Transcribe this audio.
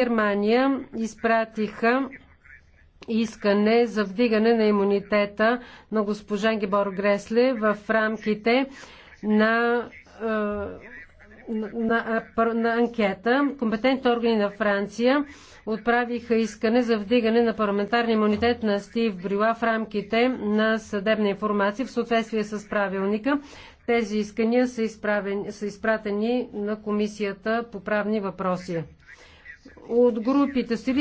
Германия изпратиха искане за вдигане на имунитета на госпожа Гебор Гресле в рамките на, е, на, на, на анкета. Компетентните органи на Франция отправиха искане за вдигане на парламентарния имунитет на Стив Брила в рамките на съдебна информация в съответствие с правилника. Тези искания са, изправени, са изпратени на Комисията по правни въпроси от групите си